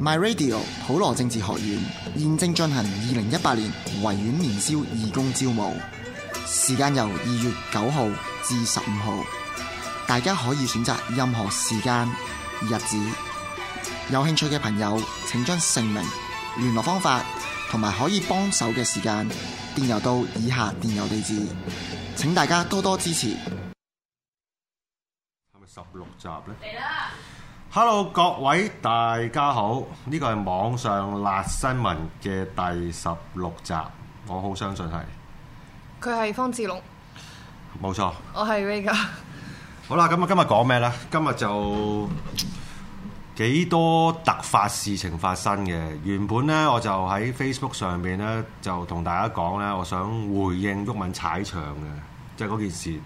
My Radio 普羅政治學院現正進行二零一八年維園年宵義工招募，時間由二月九號至十五號，大家可以選擇任何時間日子。有興趣嘅朋友，請將姓名、聯絡方法同埋可以幫手嘅時間電郵到以下電郵地址，請大家多多支持。係咪十六集呢？嚟啦！Hello，各位大家好，呢個係網上辣新聞嘅第十六集，我好相信係佢係方志龍，冇錯錯，我係 Vega。 好啦，咁啊，今日講咩呢？今日就幾多突發事情發生嘅。原本呢，我就喺 Facebook 上面呢，就同大家講呢，我想回應毓民踩場嘅，即係嗰件事。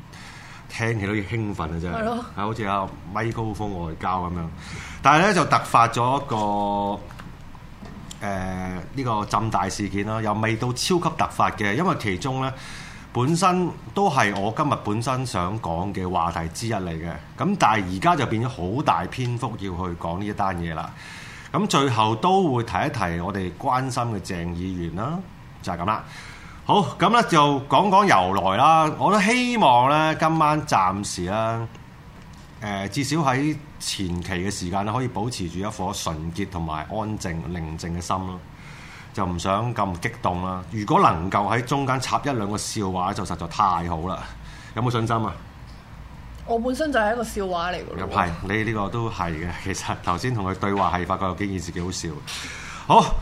聽起都似興奮啊，真係係好似阿咪高峯外交咁樣，但係咧就突發咗一個誒呢、呃呢個浸大事件啦，又未到超級突發嘅，因為其中咧本身都係我今日本身想講嘅話題之一嚟嘅，咁但係而家就變咗好大篇幅要去講呢一單嘢啦，咁最後都會提一提我哋關心嘅鄭議員啦，就係咁啦。好，咁咧就講講由來啦。我都希望咧今晚暫時啦，誒、呃，至少喺前期嘅時間咧，可以保持住一顆純潔同埋安靜、寧靜嘅心咯。就唔想咁激動啦。如果能夠喺中間插一兩個笑話，就實在太好啦。有冇信心啊？我本身就係一個笑話嚟嘅。係、嗯，你呢個都係嘅。其實頭先同佢對話係發覺有幾件事幾好笑。好。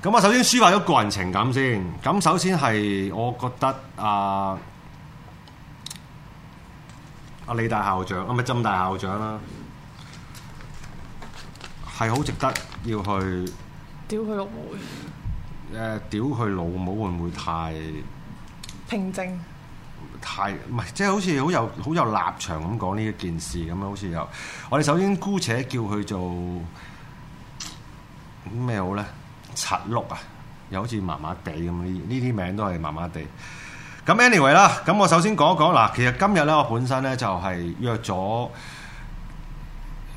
咁啊，首先抒發咗個人情感先。咁首先係，我覺得啊，阿李大校長啊，咪係曾大校長啦，係好值得要去。屌佢老母！誒、呃，屌佢老母會唔會太平靜正？太唔係，即係、就是、好似好有好有立場咁講呢一件事咁樣，好似有。我哋首先姑且叫佢做咩好咧？柒六啊，又好似麻麻地咁，呢呢啲名都係麻麻地。咁 anyway 啦，咁我首先講一講嗱，其實今日咧，我本身咧就係約咗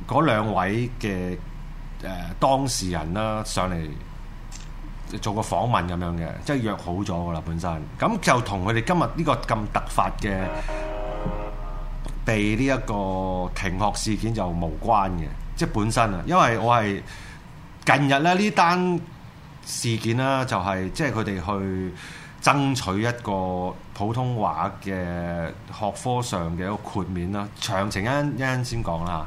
嗰兩位嘅誒當事人啦，上嚟做個訪問咁樣嘅，即係約好咗噶啦，本身。咁就同佢哋今日呢個咁突發嘅被呢一個停學事件就無關嘅，即係本身啊，因為我係近日咧呢單。事件啦、就是，就係即係佢哋去爭取一個普通話嘅學科上嘅一個豁免啦。詳情一陣一陣先講啦。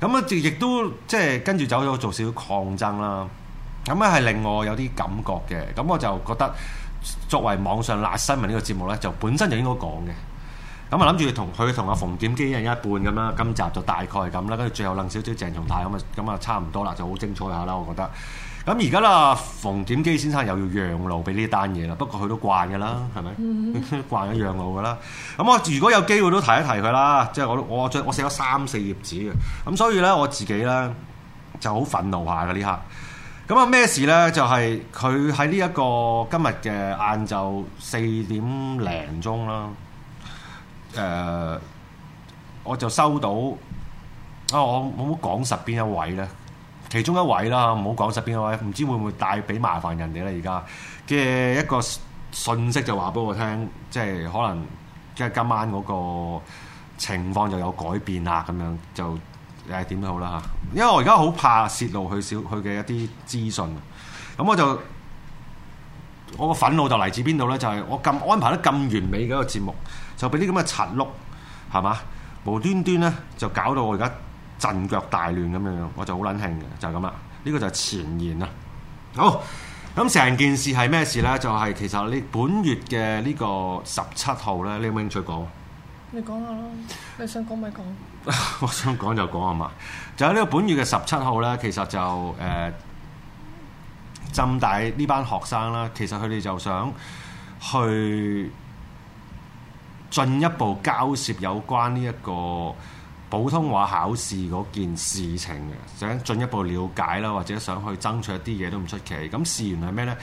咁啊，亦都即係跟住走咗做少少抗爭啦。咁啊，係令我有啲感覺嘅。咁我就覺得作為網上辣新聞呢個節目咧，就本身就應該講嘅。咁啊，諗住同佢同阿馮檢基一人一半咁啦。今集就大概係咁啦。跟住最後攬少少鄭松泰咁啊，咁啊，差唔多啦，就好精彩下啦，我覺得。咁而家啦，馮檢基先生又要讓路俾呢單嘢啦。不過佢都慣㗎啦，係咪？ 慣咗讓路㗎啦。咁我如果有機會都提一提佢啦，即係我我我寫咗三四頁紙嘅。咁所以咧，我自己咧就好憤怒下嘅呢刻。咁啊咩事咧？就係佢喺呢一個今日嘅晏晝四點零鐘啦。誒、呃，我就收到啊、哦！我我冇講實邊一位咧？其中一位啦，唔好講實邊個位，唔知會唔會帶俾麻煩人哋咧？而家嘅一個信息就話俾我聽，即係可能即係今晚嗰個情況就有改變啦！咁樣就誒，點都好啦吓，因為我而家好怕洩露佢少佢嘅一啲資訊，咁我就我個憤怒就嚟自邊度咧？就係、是、我咁安排得咁完美嘅一個節目，就俾啲咁嘅擦碌，係嘛，無端端咧就搞到我而家。陣腳大亂咁樣樣，我就好撚興嘅，就係咁啦。呢、這個就係前言啦。好，咁成件事係咩事呢？就係、是、其實你本月嘅呢個十七號呢，你有冇興趣講？你講下啦，你想講咪講。 我想講就講啊嘛。就喺、是、呢個本月嘅十七號呢，其實就誒、呃，浸大呢班學生啦，其實佢哋就想去進一步交涉有關呢、這、一個。普通話考試嗰件事情嘅，想進一步了解啦，或者想去爭取一啲嘢都唔出奇。咁事源係咩呢？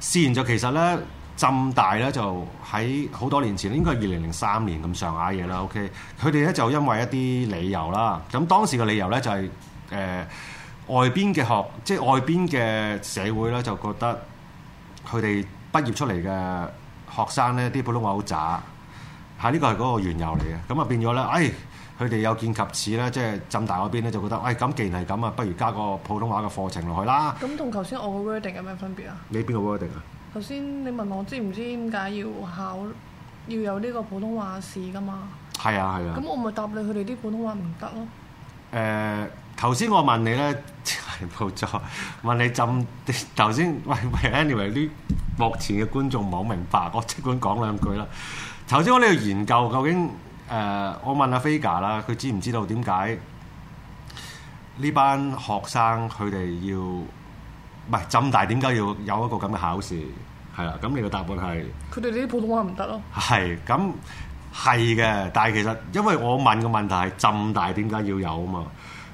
事源就其實呢，浸大呢就喺好多年前，應該係二零零三年咁上下嘢啦。OK，佢哋呢就因為一啲理由啦。咁當時嘅理由呢、就係，就係誒外邊嘅學，即係外邊嘅社會呢，就覺得佢哋畢業出嚟嘅學生呢啲普通話好渣，係呢個係嗰個緣由嚟嘅。咁啊變咗呢。哎～佢哋有見及此啦，即係浸大嗰邊咧，就覺得，哎，咁既然係咁啊，不如加個普通話嘅課程落去啦。咁同頭先我個 wording 有咩分別啊？你邊個 wording 啊？頭先你問我知唔知點解要考要有呢個普通話試㗎嘛？係啊係啊。咁、啊、我咪答你，佢哋啲普通話唔得咯。誒、呃，頭先我問你咧，係冇錯，問你浸頭先，喂，喂 anyway 呢目前嘅觀眾唔好明白，我即管講兩句啦。頭先我呢度研究究究竟。誒，uh, 我問阿 f a g 啦，佢知唔知道點解呢班學生佢哋要唔係浸大？點解要有一個咁嘅考試？係啦，咁你嘅答案係佢哋啲普通話唔得咯。係咁係嘅，但係其實因為我問嘅問題係浸大點解要有啊嘛？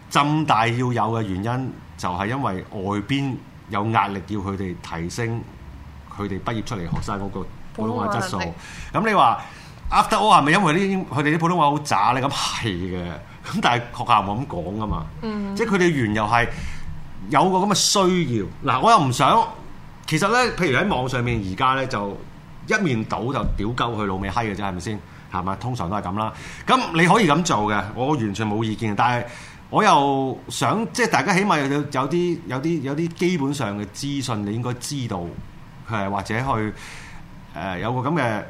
浸大要有嘅原因就係因為外邊有壓力要佢哋提升佢哋畢業出嚟學生嗰個普通話質素。咁你話？噏得我係咪因為呢啲佢哋啲普通話好渣咧？咁係嘅，咁但係學校冇咁講噶嘛。Mm hmm. 即係佢哋源又係有個咁嘅需要。嗱，我又唔想。其實咧，譬如喺網上面而家咧，就一面倒就屌鳩佢老味閪嘅啫，係咪先？係咪？通常都係咁啦。咁你可以咁做嘅，我完全冇意見。但係我又想，即係大家起碼有有啲有啲有啲基本上嘅資訊，你應該知道係或者去誒、呃、有個咁嘅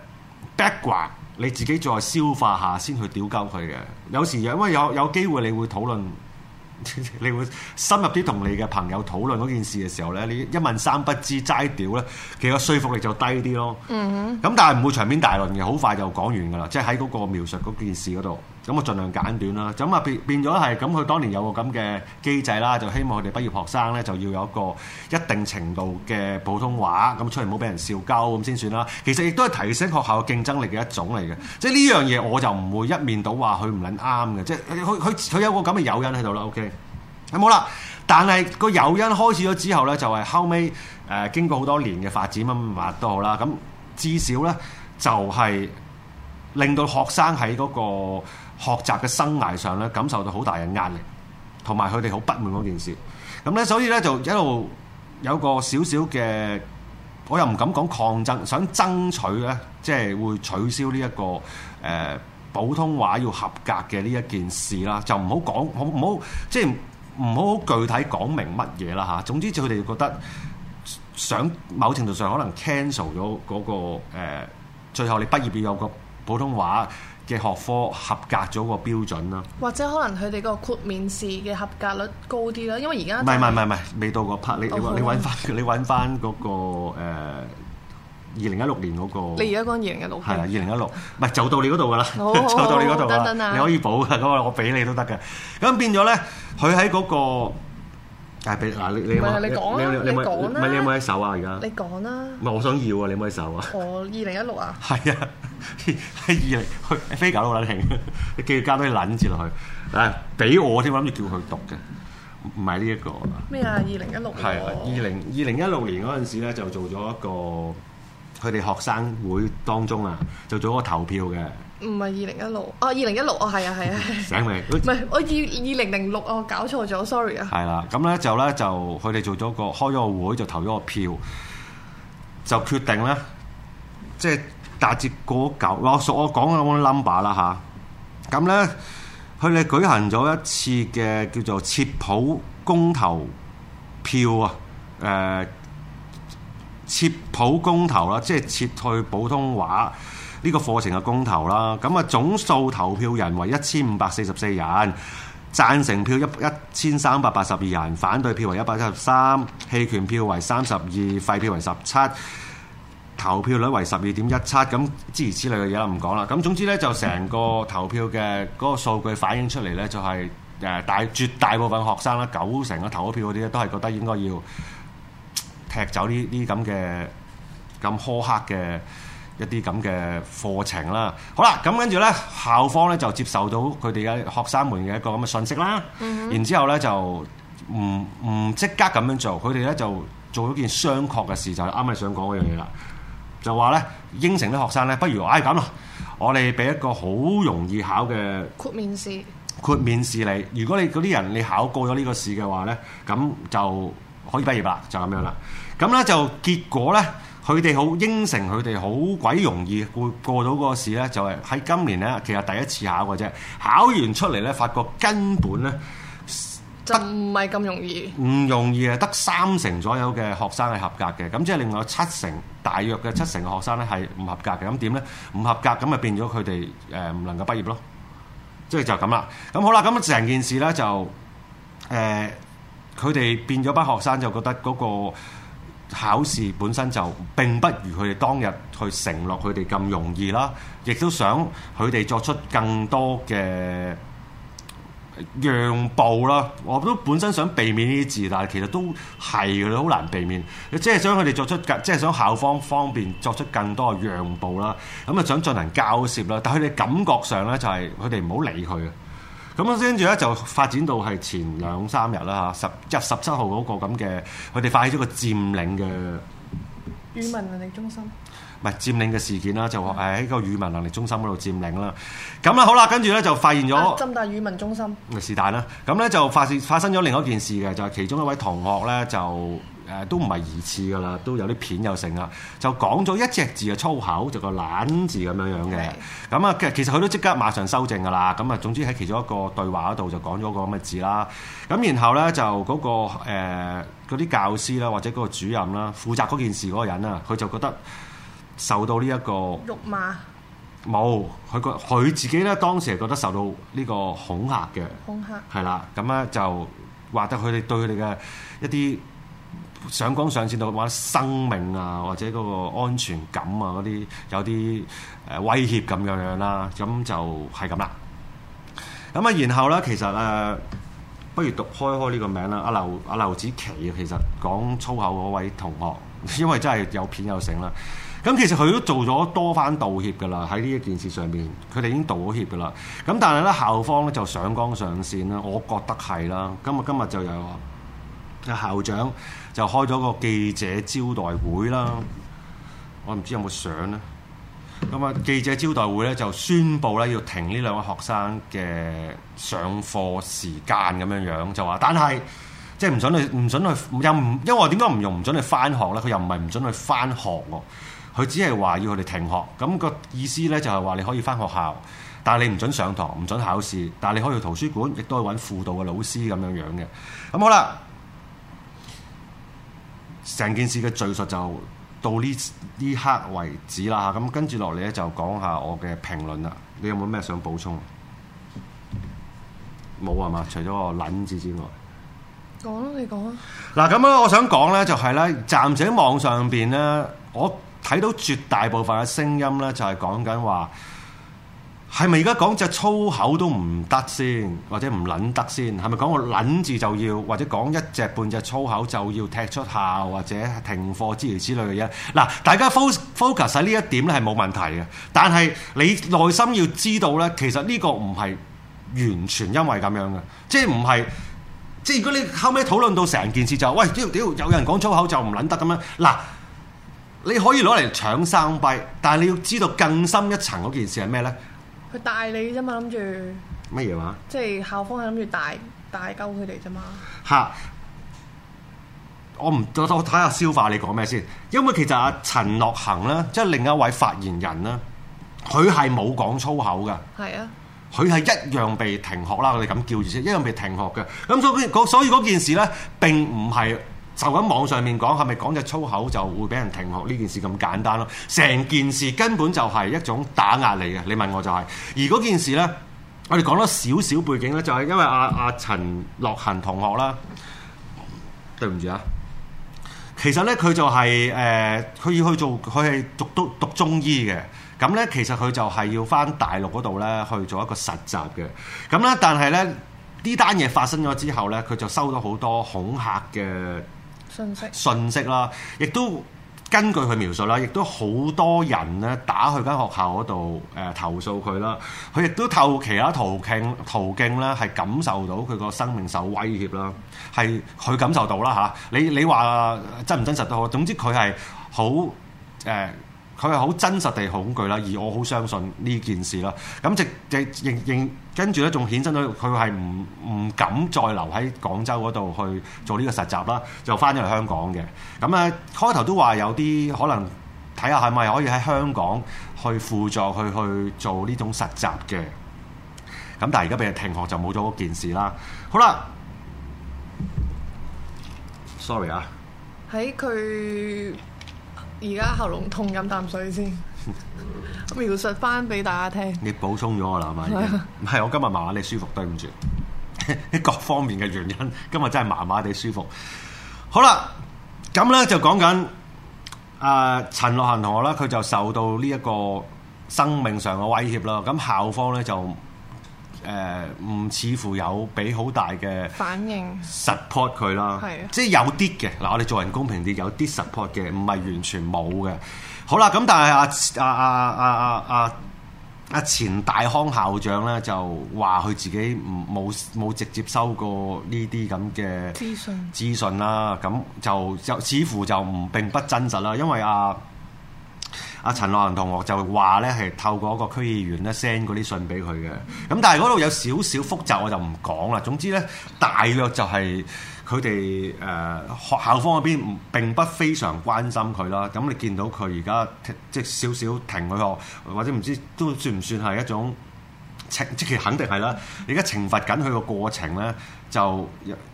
background。你自己再消化下先去屌鳩佢嘅。有時因為有有機會，你會討論， 你會深入啲同你嘅朋友討論嗰件事嘅時候，呢你一問三不知，齋屌呢，其實説服力就低啲咯。嗯咁、mm hmm. 但係唔會長篇大論嘅，好快就講完噶啦，即係喺嗰個描述嗰件事嗰度。咁我儘量簡短啦。咁啊變變咗係咁，佢當年有個咁嘅機制啦，就希望佢哋畢業學生咧就要有一個一定程度嘅普通話，咁出嚟唔好俾人笑鳩咁先算啦。其實亦都係提升學校嘅競爭力嘅一種嚟嘅。即係呢樣嘢我就唔會一面倒話佢唔撚啱嘅，即係佢佢佢有個咁嘅誘因喺度啦。OK，係冇啦。但係個誘因開始咗之後咧，就係後尾誒經過好多年嘅發展乜乜都好啦。咁至少咧就係令到學生喺嗰個學習嘅生涯上咧，感受到好大嘅壓力，同埋佢哋好不滿嗰件事。咁咧，所以咧就一路有個少少嘅，我又唔敢講抗爭，想爭取咧，即係會取消呢一個誒普通話要合格嘅呢一件事啦。就唔好講，唔好即係唔好好具體講明乜嘢啦嚇。總之，就佢哋覺得想某程度上可能 cancel 咗嗰個誒最後你畢業要有個普通話，嘅學科合格咗個標準啦，或者可能佢哋個豁免試嘅合格率高啲啦，因為而家唔係唔係唔係未到個 part，你你你揾翻你揾翻嗰個誒二零一六年嗰個。你而家講二零一六係啊，二零一六唔係就到你嗰度噶啦，就到你嗰度你可以補噶，嗰個我俾你都得嘅。咁變咗咧，佢喺嗰個誒俾嗱你你你你講你講啦，你有冇喺手啊？而家你講啦，唔係我想要啊，你有冇喺手啊？我二零一六啊，係啊。喺 二零去飛狗好啦，你繼續加多啲撚字落去。啊，俾我添，這個、我諗住叫佢讀嘅，唔係呢一個。咩啊？二零一六年係二零二零一六年嗰陣時咧，就做咗一個佢哋學生會當中啊，就做一個投票嘅。唔係二零一六，哦，二零一六哦，係啊，係啊。啊啊醒你，唔係 我二二零零六哦，搞錯咗，sorry 啊。係啦、啊，咁咧就咧就佢哋做咗個開咗個會，就投咗個票，就決定咧，即係。大節過九，哦、我所我講嗰啲 number 啦、啊、嚇，咁咧佢哋舉行咗一次嘅叫做撤普公投票啊，誒、呃、撤普公投啦，即係撤退普通話呢、呢個課程嘅公投啦。咁啊總數投票人為一千五百四十四人，贊成票一一千三百八十二人，反對票為一百一十三，棄權票為三十二，廢票為十七。投票率為十二點一七，咁諸如此類嘅嘢啦，唔講啦。咁總之呢，就成個投票嘅嗰個數據反映出嚟呢，就係、是、誒大，大絕大部分學生啦，九成嘅投票嗰啲咧，都係覺得應該要踢走呢啲咁嘅咁苛刻嘅一啲咁嘅課程啦。好啦，咁跟住呢，校方呢就接受到佢哋嘅學生們嘅一個咁嘅信息啦。嗯、哼然之後呢，就唔唔即刻咁樣做，佢哋呢就做咗件商榷嘅事，就啱、是、啱想講嗰樣嘢啦。嗯就話咧，應承啲學生咧，不如哎咁咯，我哋俾一個好容易考嘅豁免試，豁免試嚟。如果你嗰啲人你考過咗呢個試嘅話咧，咁就可以畢業啦，就咁樣啦。咁咧就結果咧，佢哋好應承，佢哋好鬼容易會過到嗰個試咧，就係喺今年咧，其實第一次考嘅啫。考完出嚟咧，發覺根本咧。得唔係咁容易？唔容易啊！得三成左右嘅學生係合格嘅，咁即係另外七成大約嘅七成嘅學生咧係唔合格嘅。咁點咧？唔合格咁咪變咗佢哋誒唔能夠畢業咯。即係就咁啦。咁好啦，咁成件事咧就誒，佢哋變咗班學生就覺得嗰個考試本身就並不如佢哋當日去承諾佢哋咁容易啦，亦都想佢哋作出更多嘅。讓步啦！我都本身想避免呢啲字，但係其實都係嘅，好難避免。即係想佢哋作出更，即係想校方方便作出更多嘅讓步啦。咁啊，想進行交涉啦。但係佢哋感覺上咧、就係，就係佢哋唔好理佢嘅。咁啊，跟住咧就發展到係前兩三日啦嚇，十一十七號嗰個咁嘅，佢哋發起咗個佔領嘅語文能力中心。唔係佔領嘅事件啦，就誒喺個語文能力中心嗰度佔領啦。咁啦，好啦，跟住咧就發現咗、啊、浸大語文中心，是但啦。咁咧就發發現發生咗另一件事嘅，就係、是、其中一位同學咧就誒、呃、都唔係疑次噶啦，都有啲片有成啦。就講咗一隻字嘅粗口，就個懶字咁樣樣嘅。咁啊的，其實佢都即刻馬上修正噶啦。咁啊，總之喺其中一個對話嗰度就講咗個咁嘅字啦。咁然後咧就嗰、那個嗰啲、呃、教師啦，或者嗰個主任啦，負責嗰件事嗰個人啊，佢就覺得。受到呢、這、一個辱罵馬，冇佢個佢自己咧，當時係覺得受到呢個恐嚇嘅，恐嚇係啦。咁咧就話得佢哋對佢哋嘅一啲上綱上線到或者生命啊，或者嗰個安全感啊，嗰啲有啲誒威脅咁樣樣啦。咁就係咁啦。咁啊，然後咧，其實誒、呃，不如讀開開呢個名啦。阿、啊、劉阿、啊、劉子琪，其實講粗口嗰位同學，因為真係有片有成啦。咁其實佢都做咗多番道歉噶啦，喺呢一件事上面，佢哋已經道歉噶啦。咁但係咧校方咧就上綱上線啦，我覺得係啦。今日今日就有校長就開咗個記者招待會啦。我唔知有冇相呢？咁、嗯、啊，記者招待會咧就宣布咧要停呢兩位學生嘅上課時間咁樣樣，就話但係即係唔準去，唔準去，又唔因為點解唔用唔準去翻學咧？佢又唔係唔準去翻學喎。佢只係話要佢哋停學，咁個意思呢就係話你可以翻學校，但係你唔准上堂，唔准考試，但係你可以去圖書館，亦都可以揾輔導嘅老師咁樣樣嘅。咁好啦，成件事嘅敘述就到呢呢刻為止啦嚇。咁跟住落嚟呢，就講下我嘅評論啦。你有冇咩想補充？冇啊嘛，除咗個撚字之外，講啦，你講啦。嗱咁啊，我想講呢就係呢暫時喺網上邊呢。我。睇到絕大部分嘅聲音呢，就係講緊話，係咪而家講隻粗口都唔得先，或者唔撚得先？係咪講個撚字就要，或者講一隻半隻粗口就要踢出校或者停課之類之類嘅嘢？嗱，大家 focus focus 喺呢一點呢係冇問題嘅。但係你內心要知道呢，其實呢個唔係完全因為咁樣嘅，即係唔係？即係如果你後尾討論到成件事就喂，屌屌有人講粗口就唔撚得咁樣嗱。你可以攞嚟搶生幣，但係你要知道更深一層嗰件事係咩咧？佢大你啫嘛，諗住乜嘢話？即係校方係諗住大大鳩佢哋啫嘛。吓？ 我唔多睇下消化你講咩先。因為其實阿陳樂行啦，即係另一位發言人啦，佢係冇講粗口噶。係啊，佢係一樣被停學啦。我哋咁叫住先，一樣被停學嘅。咁所以嗰所以嗰件事咧並唔係。就咁網上面講係咪講隻粗口就會俾人停學呢件事咁簡單咯？成件事根本就係一種打壓你嘅。你問我就係、是。而嗰件事呢，我哋講多少少背景呢，就係、是、因為阿、啊、阿、啊、陳樂恆同學啦。對唔住啊，其實呢，佢就係、是、誒，佢、呃、要去做，佢係讀都讀,讀中醫嘅。咁呢，其實佢就係要返大陸嗰度呢，去做一個實習嘅。咁呢，但係呢，呢單嘢發生咗之後呢，佢就收到好多恐嚇嘅。信息、啦，亦都根據佢描述啦，亦都好多人咧打去間學校嗰度誒投訴佢啦，佢亦都透過其他途徑途徑咧係感受到佢個生命受威脅啦，係佢感受到啦嚇。你你話真唔真實都好，總之佢係好誒。呃佢係好真實地恐懼啦，而我好相信呢件事啦。咁直即認認跟住咧，仲衍生咗佢係唔唔敢再留喺廣州嗰度去做呢個實習啦，就翻咗嚟香港嘅。咁啊開頭都話有啲可能睇下係咪可以喺香港去輔助去去做呢種實習嘅。咁但係而家俾人停學就冇咗嗰件事啦。好啦，sorry 啊，喺佢。而家喉嚨痛，飲啖水先。描述翻俾大家聽。你補充咗我啦，係咪？ 唔係，我今日麻麻地舒服，對唔住。 各方面嘅原因，今日真係麻麻地舒服。好啦，咁咧就講緊阿陳樂恒同學啦，佢就受到呢一個生命上嘅威脅啦。咁校方咧就。誒，唔、呃、似乎有俾好大嘅反應 support 佢啦，的即係有啲嘅，嗱，我哋做人公平啲，有啲 support 嘅，唔係完全冇嘅。好啦，咁但係阿阿阿阿阿阿錢大康校長咧，就話佢自己唔冇冇直接收過呢啲咁嘅資訊資訊啦，咁就就似乎就唔並不真實啦，因為啊。阿陳樂仁同學就話咧，係透過一個區議員咧 send 嗰啲信俾佢嘅。咁但係嗰度有少少複雜，我就唔講啦。總之咧，大約就係佢哋誒學校方嗰邊並不非常關心佢啦。咁你見到佢而家即少少停佢學，或者唔知都算唔算係一種懲？即其肯定係啦。你而家懲罰緊佢個過程咧，就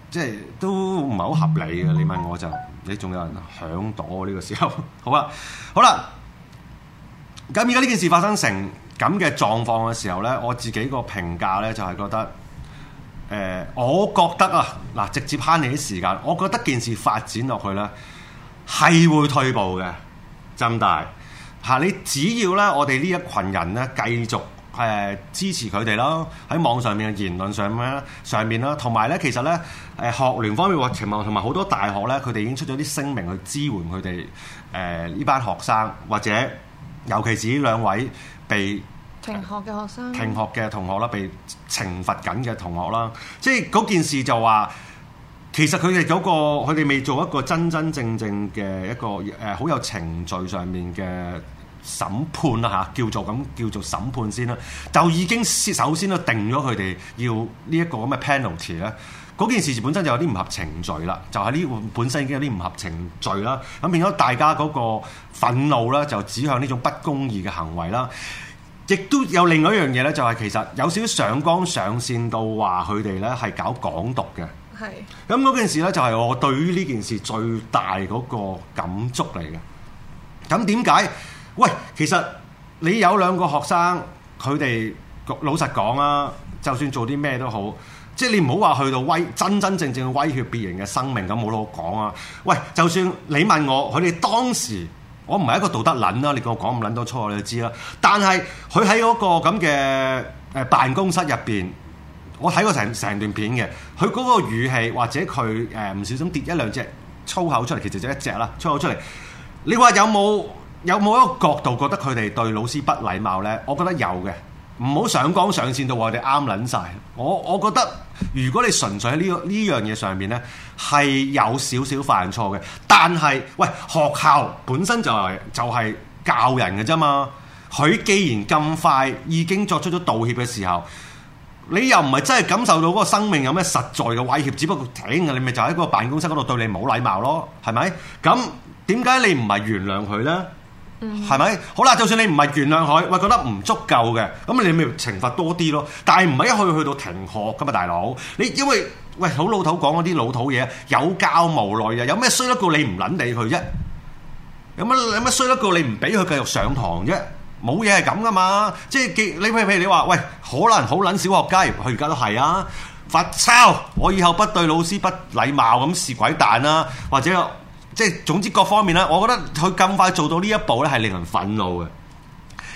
即都唔係好合理嘅。你問我就，你仲有人響度呢個時候？好啦，好啦。咁而家呢件事發生成咁嘅狀況嘅時候呢，我自己個評價呢就係覺得，誒、呃，我覺得啊，嗱，直接慳你啲時間，我覺得件事發展落去呢，係會退步嘅，真大嚇、啊。你只要呢，我哋呢一群人呢，繼續誒、呃、支持佢哋咯，喺網上面嘅言論上面啦，上面啦，同埋呢，其實呢，誒學聯方面或同埋同埋好多大學呢，佢哋已經出咗啲聲明去支援佢哋，誒、呃、呢班學生或者。尤其是兩位被停學嘅學生，呃、停學嘅同學啦，被懲罰緊嘅同學啦，即係嗰件事就話，其實佢哋嗰個佢哋未做一個真真正正嘅一個誒好、呃、有程序上面嘅審判啦吓，叫做咁叫，叫做審判先啦，就已經首先都定咗佢哋要呢一個咁嘅 penalty 咧。嗰件事本身就有啲唔合程序啦，就係呢本身已經有啲唔合程序啦，咁變咗大家嗰個憤怒啦，就指向呢種不公義嘅行為啦。亦都有另外一樣嘢呢，就係其實有少少上綱上線到話佢哋呢係搞港獨嘅。係是。咁嗰件事呢，就係我對於呢件事最大嗰個感觸嚟嘅。咁點解？喂，其實你有兩個學生，佢哋老實講啦，就算做啲咩都好。即係你唔好話去到威，真真正正威脅別人嘅生命，咁冇得好講啊！喂，就算你問我，佢哋當時我唔係一個道德撚啦，你叫我講唔撚多粗口，你都知啦。但係佢喺嗰個咁嘅誒辦公室入邊，我睇過成成段片嘅，佢嗰個語氣或者佢誒唔小心跌一兩隻粗口出嚟，其實就一隻啦，粗口出嚟。你話有冇有冇一個角度覺得佢哋對老師不禮貌咧？我覺得有嘅。唔好上綱上線到話我哋啱撚晒。我我覺得如果你純粹喺呢個呢樣嘢上面呢，係有少少犯錯嘅。但係喂，學校本身就係就係教人嘅啫嘛。佢既然咁快已經作出咗道歉嘅時候，你又唔係真係感受到嗰個生命有咩實在嘅威脅，只不過頂啊、哎，你咪就喺個辦公室嗰度對你冇禮貌咯，係咪？咁點解你唔係原諒佢呢？係咪？好啦，就算你唔係原諒佢，喂、哎、覺得唔足夠嘅，咁你咪懲罰多啲咯。但係唔係一去去到停學噶、啊、嘛，大佬。你因為喂好老土講嗰啲老土嘢，有教無類啊。有咩衰得過你唔撚理佢啫？有乜有乜衰得過你唔俾佢繼續上堂啫？冇嘢係咁噶嘛。即係你譬如譬如你話，喂，可能好撚小學雞，佢而家都係啊。罰抄，我以後不對老師不禮貌咁是鬼蛋啦、啊，或者。即係總之各方面啦，我覺得佢咁快做到呢一步咧，係令人憤怒嘅。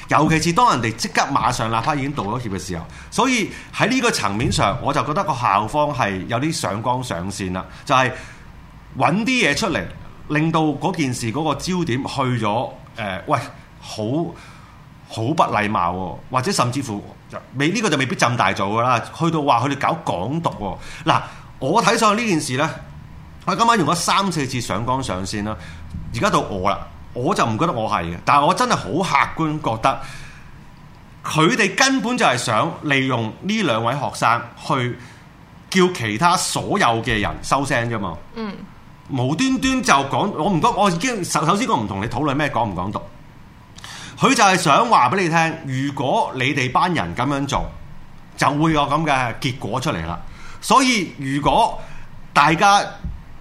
尤其是當人哋即刻馬上立法已經道咗歉嘅時候，所以喺呢個層面上，我就覺得個校方係有啲上綱上線啦，就係揾啲嘢出嚟，令到嗰件事嗰、嗰個焦點去咗。誒、呃，喂，好好不禮貌、哦，或者甚至乎未呢、呢個就未必浸大做噶啦。去到話佢哋搞港獨喎、哦，嗱，我睇上去呢件事呢。我今晚用咗三四次上綱上線啦，而家到我啦，我就唔覺得我係嘅，但係我真係好客觀覺得，佢哋根本就係想利用呢兩位學生去叫其他所有嘅人收聲啫嘛。嗯，無端端就講，我唔覺得，我已經首首先我唔同你討論咩講唔講讀，佢就係想話俾你聽，如果你哋班人咁樣做，就會有咁嘅結果出嚟啦。所以如果大家，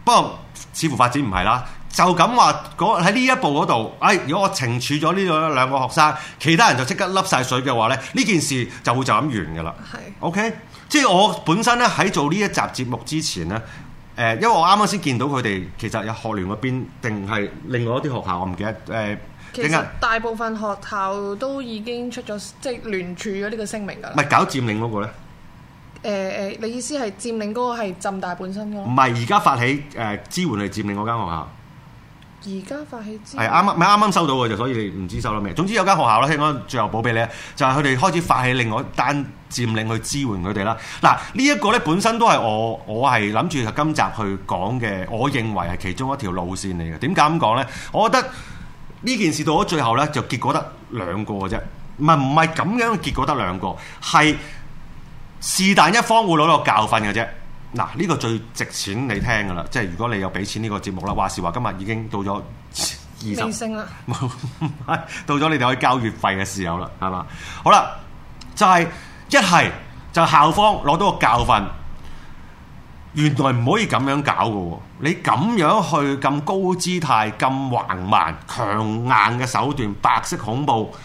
不過似乎發展唔係啦，就咁話喺呢一步嗰度，哎，如果我懲處咗呢兩兩個學生，其他人就即刻笠晒水嘅話咧，呢件事就會就咁完㗎啦。係是，OK，即係我本身咧喺做呢一集節目之前咧，誒、呃，因為我啱啱先見到佢哋，其實有學聯嗰邊定係另外一啲學校，我唔記得誒。呃、其實一大部分學校都已經出咗即聯署咗呢個聲明㗎啦。唔係搞佔領嗰個咧。誒誒、呃，你意思係佔領嗰個係浸大本身嘅？唔係，而家發起誒、呃、支援去佔領嗰間學校。而家發起支援係啱啱，唔係啱啱收到嘅，就所以你唔知收到未。總之有間學校啦，聽講最後補俾你，就係佢哋開始發起另外一單佔領去支援佢哋啦。嗱，這個、呢一個咧本身都係我我係諗住今集去講嘅，我認為係其中一條路線嚟嘅。點解咁講咧？我覺得呢件事到咗最後咧，就結果得兩個嘅啫，唔係唔係咁樣。結果得兩個係。是但一方會攞到教訓嘅啫。嗱，呢、這個最值錢你聽㗎啦，即係如果你有俾錢呢個節目啦，話是話今日已經到咗二十， 到咗你哋可以交月費嘅時候啦，係嘛？好啦，就係、是、一係就校方攞到個教訓，原來唔可以咁樣搞㗎喎。你咁樣去咁高姿態、咁橫蠻、強硬嘅手段、白色恐怖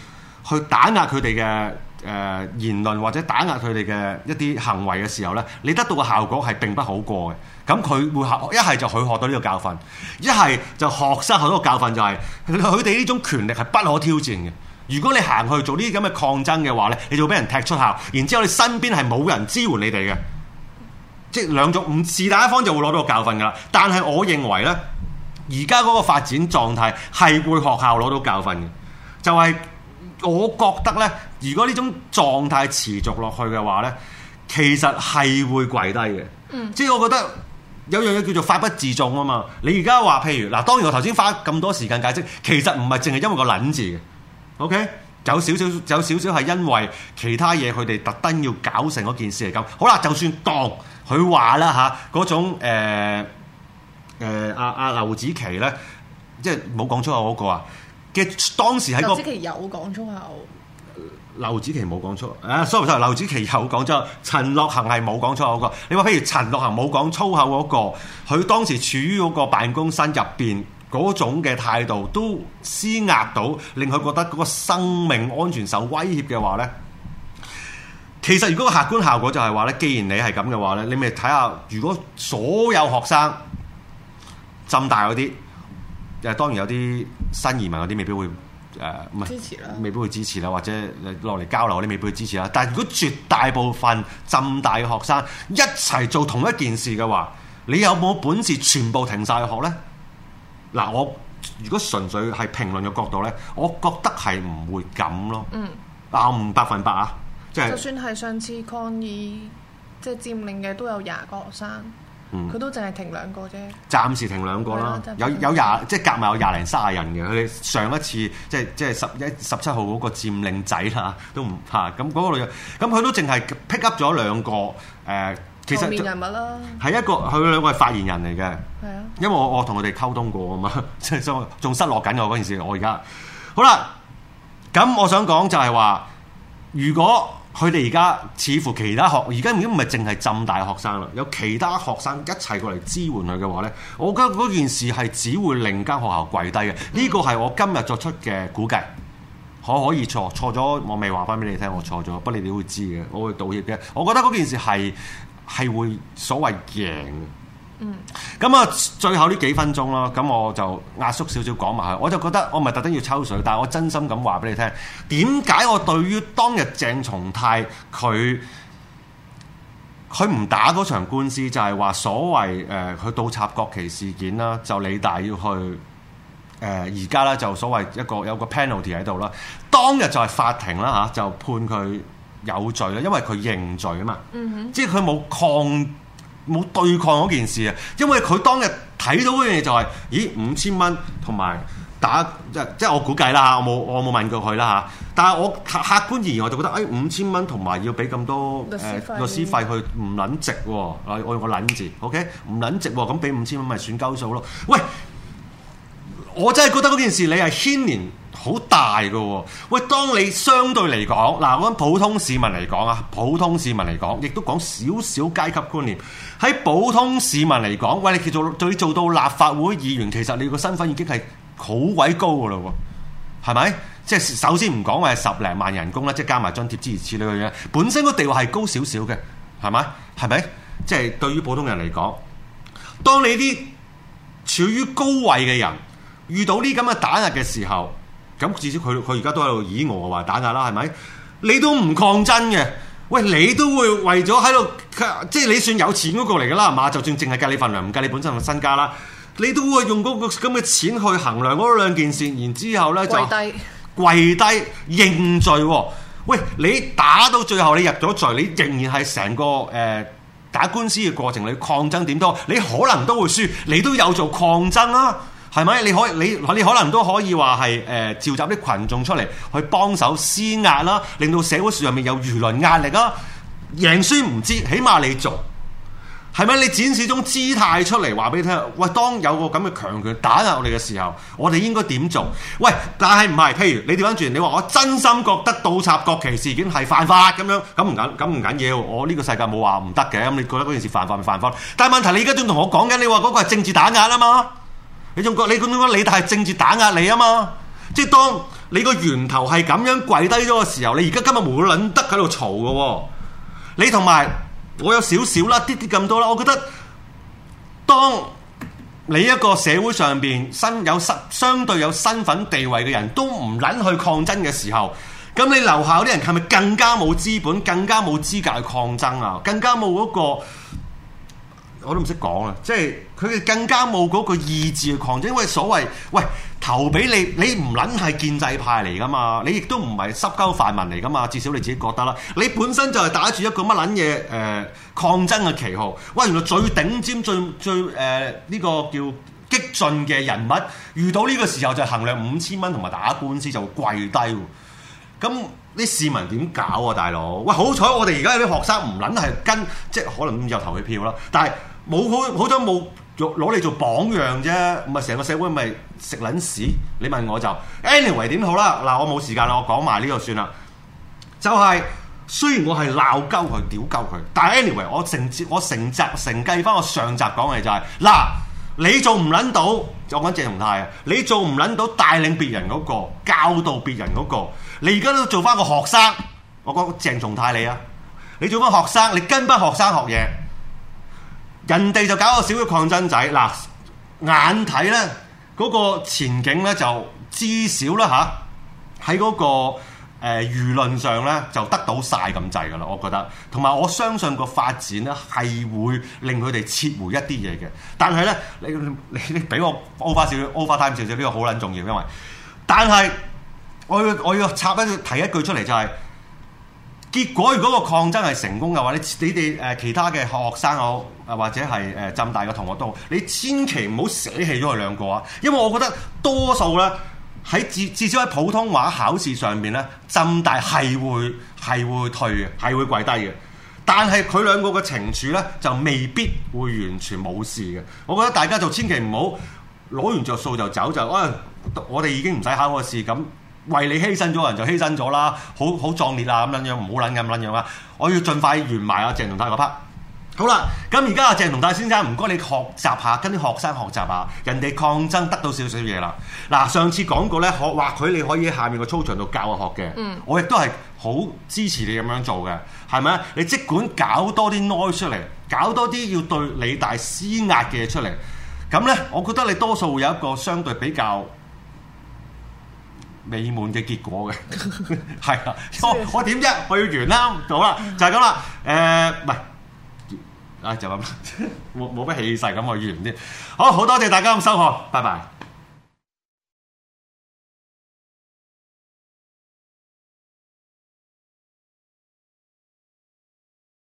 去打壓佢哋嘅。誒、呃、言論或者打壓佢哋嘅一啲行為嘅時候呢，你得到嘅效果係並不好過嘅。咁佢會學一係就佢學到呢個教訓，一係就學生學到個教訓就係佢哋呢種權力係不可挑戰嘅。如果你行去做呢啲咁嘅抗爭嘅話呢，你就會俾人踢出校，然之後你身邊係冇人支援你哋嘅，即係兩種。唔是但一方就會攞到個教訓噶啦。但係我認為呢，而家嗰個發展狀態係會學校攞到教訓嘅，就係、是。我覺得呢，如果呢種狀態持續落去嘅話呢，其實係會跪低嘅。嗯，即係我覺得有樣嘢叫做法不自重啊嘛。你而家話譬如嗱，當然我頭先花咁多時間解釋，其實唔係淨係因為個撚字嘅。OK，有少少有少少係因為其他嘢，佢哋特登要搞成嗰件事嚟咁。好啦，就算當佢話啦嚇，嗰種誒誒阿阿劉子琪呢，即係冇講錯啊嗰個啊。當時喺，個劉子琪有講粗口，劉子琪冇講粗口，啊，sorry，sorry，劉子琪有講粗口。陳樂恆係冇講粗口嗰個。你話譬如陳樂恆冇講粗口嗰個，佢當時處於嗰個辦公室入邊嗰種嘅態度，都施壓到令佢覺得嗰個生命安全受威脅嘅話咧，其實如果個客觀效果就係話咧，既然你係咁嘅話咧，你咪睇下，如果所有學生浸大嗰啲，誒，當然有啲。新移民嗰啲未必會誒，唔、呃、係支持啦，未必會支持啦，或者落嚟交流嗰啲未必會支持啦。但係如果絕大部分浸大嘅學生一齊做同一件事嘅話，你有冇本事全部停曬學咧？嗱，我如果純粹係評論嘅角度咧，我覺得係唔會咁咯。嗯、呃，唔百分百啊，即係就算係上次抗議即係、就是、佔領嘅都有廿個學生。佢、嗯、都淨係停兩個啫，暫時停兩個啦，有有廿即係夾埋有廿零卅人嘅。佢上一次即係即係十一十七號嗰個佔領仔啦，都唔吓咁嗰個女，咁佢都淨係 pick up 咗兩個誒、呃，其實人物啦，係一個佢兩個係發言人嚟嘅，係啊的，因為我我同佢哋溝通過啊嘛，即係仲仲失落緊我嗰件事，我而家好啦，咁我想講就係話如果。佢哋而家似乎其他學，而家已經唔係淨係浸大學生啦，有其他學生一齊過嚟支援佢嘅話，呢我覺得嗰件事係只會令間學校跪低嘅。呢個係我今日作出嘅估計，可可以錯錯，錯咗，我未話翻俾你聽，我錯咗，不你哋會知嘅，我會道歉嘅。我覺得嗰件事係，係會所謂贏。嗯，咁啊，最後呢幾分鐘啦，咁我就壓縮少少講埋佢。我就覺得我唔係特登要抽水，但係我真心咁話俾你聽，點解我對於當日鄭松泰佢佢唔打嗰場官司，就係話所謂誒佢、呃、倒插國旗事件啦，就理大要去誒而家咧就所謂一個有一個 penalty 喺度啦。當日就係法庭啦嚇、啊，就判佢有罪咧，因為佢認罪啊嘛。嗯、哼即係佢冇抗。冇對抗嗰件事啊，因為佢當日睇到嘅嘢就係、是，咦五千蚊同埋打即係即係我估計啦嚇，我冇我冇問過佢啦嚇，但係我客觀而言我就覺得，誒、哎、五千蚊同埋要俾咁多律師費、呃，律師費去唔撚值喎、哦，我用個撚字，OK，唔撚值喎、哦，咁俾五千蚊咪算鳩數咯，喂。我真係覺得嗰件事你係牽連好大㗎喎，喂！當你相對嚟講，嗱，我諗普通市民嚟講啊，普通市民嚟講，亦都講少少階級觀念。喺普通市民嚟講，喂，你做到做到立法會議員，其實你個身份已經係好鬼高㗎喇，係咪？即係首先唔講喂，十零萬人工啦，即係加埋津貼之類呢個嘢，本身個地位係高少少嘅，係咪？係咪？即係對於普通人嚟講，當你啲處於高位嘅人。遇到呢咁嘅打壓嘅時候，咁至少佢佢而家都喺度以我話打壓啦，係咪？你都唔抗爭嘅，喂，你都會為咗喺度，即係你算有錢嗰個嚟㗎啦，嘛，就算淨係計你份糧，唔計你本身嘅身家啦，你都會用嗰、嗰個咁嘅錢去衡量嗰兩件事，然之後咧就跪低，跪低認罪、哦。喂，你打到最後你入咗罪，你仍然係成個誒、呃、打官司嘅過程你抗爭點多，你可能都會輸，你都有做抗爭啦、啊。係咪？你可以你你可能都可以話係誒召集啲群眾出嚟去幫手施壓啦，令到社會上面有輿論壓力啊。贏輸唔知，起碼你做係咪？你展示種姿態出嚟，話俾你聽。喂，當有個咁嘅強權打壓我哋嘅時候，我哋應該點做？喂，但係唔係？譬如你調翻轉，你話我真心覺得倒插國旗事件係犯法咁樣，咁唔緊咁唔緊要。我呢個世界冇話唔得嘅。咁你覺得嗰件事犯法咪犯法？但係問題你而家都同我講緊，你話嗰個係政治打壓啊嘛？你仲覺得你咁樣講，李太政治打壓你啊嘛？即係當你個源頭係咁樣跪低咗嘅時候，你而家今日冇捻得喺度嘈嘅。你同埋我有少少啦，啲啲咁多啦。我覺得當你一個社會上邊身有身、相對有身份地位嘅人都唔捻去抗爭嘅時候，咁你樓下嗰啲人係咪更加冇資本、更加冇資格去抗爭啊？更加冇嗰、嗰個我都唔識講啦，即係佢哋更加冇嗰個意志去抗爭。因為所謂喂，投俾你，你唔撚係建制派嚟噶嘛，你亦都唔係濕鳩泛民嚟噶嘛。至少你自己覺得啦，你本身就係打住一個乜撚嘢誒抗爭嘅旗號。喂，原來最頂尖、最最誒呢、呃這個叫激進嘅人物，遇到呢個時候就係衡量五千蚊同埋打官司就跪低。咁啲市民點搞啊，大佬？喂，好彩我哋而家有啲學生唔撚係跟，即係可能又投佢票啦。但係冇好好多冇用攞嚟做榜樣啫，唔係成個社會咪食撚屎？你問我就 anyway 點好啦，嗱我冇時間啦，我講埋呢度算啦。就係、是、雖然我係鬧鳩佢、屌鳩佢，但係 anyway 我承接我成集成，承繼翻我上集講嘅就係嗱，你做唔撚到就講鄭松泰啊，你做唔撚到帶領別人嗰、那個、教導別人嗰、那個，你而家都做翻個學生，我講鄭松泰你啊，你做翻學生，你跟班學生學嘢？人哋就搞個小嘅抗爭仔，嗱眼睇咧嗰個前景咧就至少啦嚇，喺嗰、嗰個誒、呃、輿論上咧就得到晒咁滯噶啦，我覺得。同埋我相信個發展咧係會令佢哋撤回一啲嘢嘅，但係咧你你你俾我 over 少少，over time 少少呢個好撚重要，因為但係我要我要插一提一句出嚟就係、是。結果如果個抗爭係成功嘅話，你你哋誒、呃、其他嘅學生啊，或者係誒、呃、浸大嘅同學都，好，你千祈唔好捨棄咗佢兩個啊！因為我覺得多數咧喺至至少喺普通話考試上面咧，浸大係會係會退嘅，係會跪低嘅。但係佢兩個嘅懲處咧，就未必會完全冇事嘅。我覺得大家就千祈唔好攞完着數就走就，啊、哎！我哋已經唔使考個試咁。為你犧牲咗人就犧牲咗啦，好好壯烈啊！咁樣樣唔好撚咁撚樣啦，我要盡快完埋阿、啊、鄭同泰個 part。好啦，咁而家阿鄭同泰先生，唔該你學習下，跟啲學生學習下，人哋抗爭得到少少嘢啦。嗱，上次講過咧，話佢你可以喺下面個操場度教我學嘅，我亦都係好支持你咁樣做嘅，係咪啊？你即管搞多啲 noise 出嚟，搞多啲要對理大施壓嘅嘢出嚟，咁咧，我覺得你多數會有一個相對比較。美滿嘅結果嘅，係啊，哦、 我我點啫？我要完啦，好啦，就係、是、咁啦。誒、呃，唔、哎、係，就咁啦，冇冇乜氣勢咁，我完先。好，好多謝大家咁收看，拜拜。